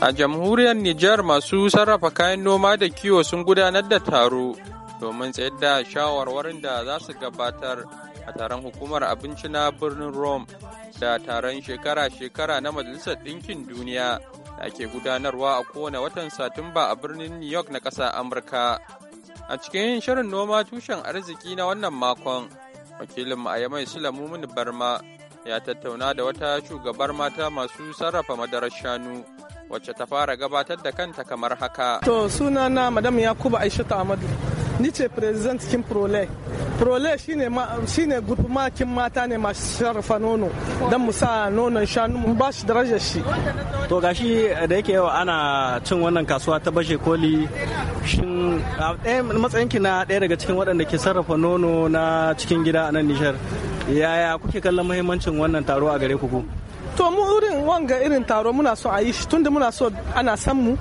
A jamhuriyar Nijar masu sarrafa kayan noma da kiwo sun gudanar da taro domin tsayar da shawarwarin da za su gabatar a taron hukumar abinci na birnin Rome da taron shekara-shekara na Majalisar Ɗinkin Duniya da ke gudanarwa a kowane watan Satumba a birnin New York na ƙasa Amurka. A cikin shirin noma tushen arziki na wannan makon, wakilin Ayamai Sulamu Barma ya tattauna da wata shugabar mata masu sarrafa madarar shanu. wacce ta fara gabatar da kanta kamar haka. To suna na Madam Yakuba Aishatu Amadu. Ni ce President kin Prole. Prole shine shine kin mata ne masu sarrafa nono don mu sa nonon shanu mu ba shi darajar shi. To gashi da yake yau ana cin wannan kasuwa ta bashe koli shin matsayinki na ɗaya daga cikin waɗanda ke sarrafa nono na cikin gida a nan Nijar. Yaya kuke kallon muhimmancin wannan taro a gare ku ku? to mu irin wanga irin taro muna so a yi shi tunda muna so ana san mu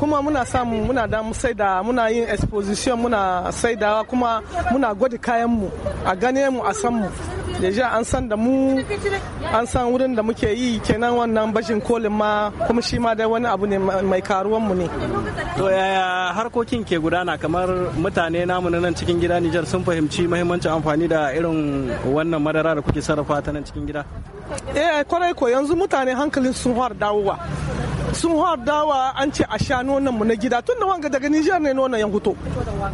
kuma muna samu muna da mu sai da muna yin exposition muna saidawa kuma muna gwada kayan mu a gane mu a san mu deja an san da mu an san wurin da muke yi kenan wannan bashin kolin ma kuma shi ma dai wani abu ne mai karuwan mu ne to yaya harkokin ke gudana kamar mutane namu nan cikin gida Nijar sun fahimci muhimmancin amfani da irin wannan madara da kuke sarrafa ta nan cikin gida eh kwarai ko yanzu mutane hankalin sun har dawowa sun har dawa an ce a sha nonon mu na gida tun da wanga daga Nijar ne nonon yan fito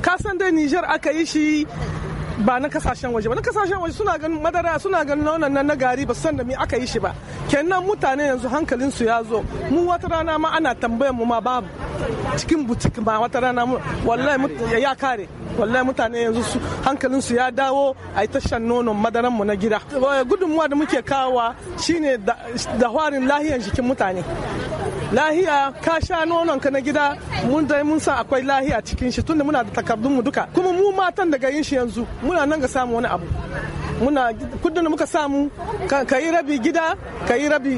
ka san dai Nijar aka yi shi ba na kasashen waje ba na kasashen waje suna ganin madara suna ganin nonon nan na gari ba san da me aka yi shi ba kenan mutane yanzu hankalin su ya zo mu wata rana ma ana tambayar mu ma babu cikin butik ma wata rana mu wallahi ya kare wallahi mutane yanzu su hankalin su ya dawo a ta shan nonon madaran mu na gida gudunmuwa da muke kawowa shine da hwarin lahiyar jikin mutane lahiya ka sha nonon ka na gida mun dai mun san akwai lahiya cikin shi tunda muna da takardun mu duka kuma mu matan daga yin shi yanzu muna nan ga samu wani abu muna kudin da muka samu ka yi rabi gida ka yi rabi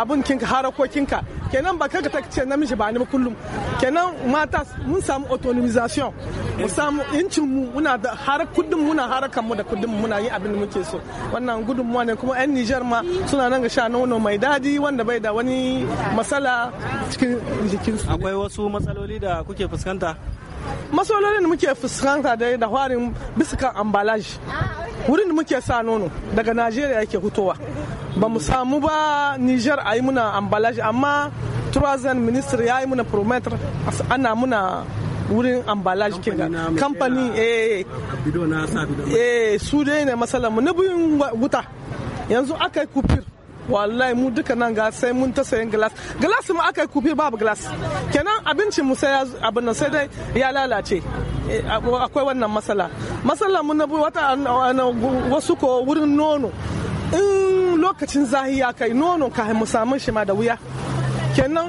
abun kinka harakokinka kenan ba kanka ta ce namiji ba ba kullum kenan mata mun samu autonomization mu samu incin mu muna da har kudin muna harakan mu da kudin muna yi abin da muke so wannan gudunmuwa ne kuma yan Niger ma suna nan ga sha nono mai dadi wanda bai da wani matsala cikin jikin su akwai wasu matsaloli da kuke fuskanta matsalolin da muke fuskanta da da harin bisa kan wurin da muke sa nono daga Najeriya yake hutowa ba mu samu ba niger a yi muna ambalaje amma turazan minister ya yi muna prometer ana muna wurin ambalage ke ga kamfani eh su dai ne matsala mu na biyun wuta yanzu aka yi kufir wallahi mu duka nan ga sai mun ta sayan glass glass mu aka yi kufir babu glass kenan abincin mu sai abin nan sai dai ya lalace eh, akwai wannan masala masala mu na wata wasu ko wurin nono in lokacin zahi ya kai nono kahin mu samun shi ma da wuya kenan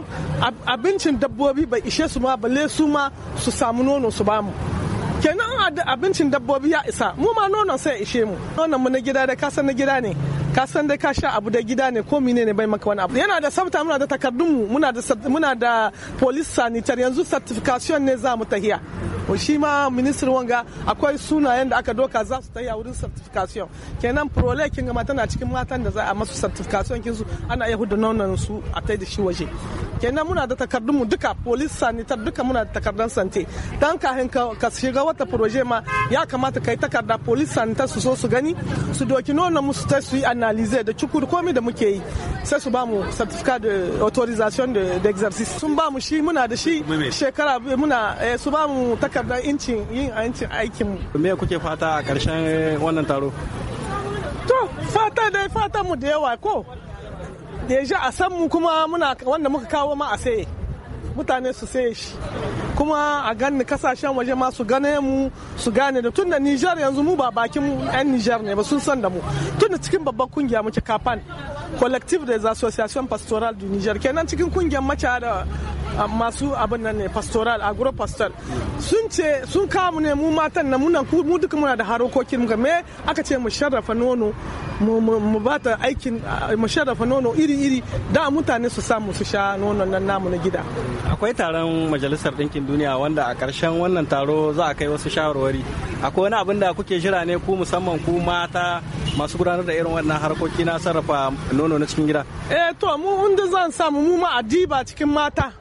abincin dabbobi bai ishe su ma balle su ma su samu nono su bamu kenan abincin dabbobi ya isa mu ma nonon sai ishe mu nonon mu na gida da kasa na gida ne ka san dai ka sha abu da gida ne ko mine ne bai maka wani abu yana da sabta muna da takardunmu muna da muna da police sanitar yanzu certification ne za mu tahiya shi ma minister wanga akwai sunayen da aka doka za su tahiya wurin certification kenan prole kin ga mata na cikin matan da za a masu certification kin su ana iya hudu nonon su a tai da shi waje kenan muna da takardunmu duka police sanitar duka muna da takardan sante dan ka hinka ka shiga wata proje ma ya kamata kai takarda police sanitar su so su gani su doki nonon mu su tai su yi analyze da cukur komi da muke yi sai su mu certificate de autorisation de exercice sun mu shi muna da shi shekara muna eh, su mu takardar incin yin incin aikin mu me kuke fata a karshen wannan taro to fata dai fata mu da yawa ko deja a san mu kuma muna wanda muka kawo ma a sai mutane su sai shi kuma a gani kasashen waje ma su gane mu su gane da tunda Nijar yanzu mu ba bakin 'yan Nijar ne ba sun san da mu tunda cikin babban kungiya muke kafan collective des associations pastorales du Niger kenan cikin kungiyar mace da Ah, masu abin nan ne pastoral agro pastor sun ce sun kamu ne mu matan na munan mu duka muna da harokokin mu me aka ce mu sharrafa nono mu ba ta aikin ah, mu sharrafa nono iri-iri da mutane su samu su sha nono nan namu na gida akwai taron majalisar ɗinkin duniya wanda a ƙarshen wannan taro za a kai wasu shawarwari akwai wani abin da kuke jira ne ku musamman ku mata masu gudanar da irin wannan harkoki na sarrafa nono na cikin gida eh to mu inda zan samu mu ma adiba cikin mata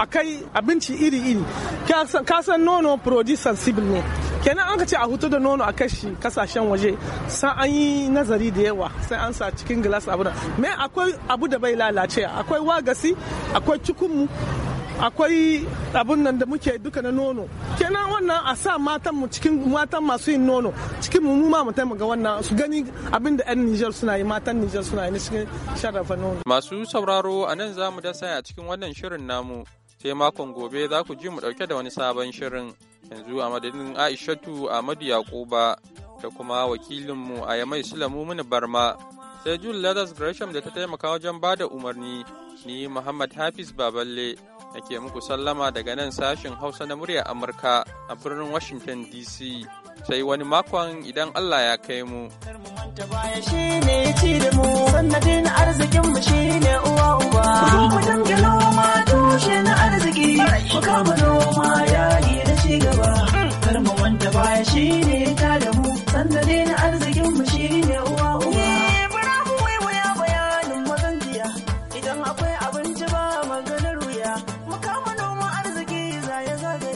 akai abinci iri-iri ka san nono produce sensible ne kenan an ka ce a hutu da nono a kashi kasashen waje sai an yi nazari da yawa sai an sa cikin glass abu da me akwai abu da bai lalace akwai wagasi akwai cikunmu akwai abun nan da muke duka na nono kenan wannan a sa matan mu cikin matan masu yin nono cikin mu ma mu taimaka wannan su gani abin da 'yan Nijar suna yi matan Nijar suna yi cikin sharafa nono masu sauraro anan zamu za mu dasa a cikin wannan shirin namu sai makon gobe za ku ji mu ɗauke da wani sabon shirin yanzu a madadin aishatu ahmadu yakuba da kuma wakilinmu a yamai sulamu mini barma sai jul ladas gresham da ta taimaka wajen ba da umarni ni muhammad hafiz baballe nake muku sallama daga nan sashin hausa na murya amurka a birnin washington dc sai wani makon idan allah ya kai mu. Wuce baya shi ne ci da mu, sannadin arzikinmu shi ne uwa uba. Ku dinga noma tushe na arziki, ku kama noma yaƙi da ci gaba. Mm. Kar mu wanda baya shi ta da mu, sannadin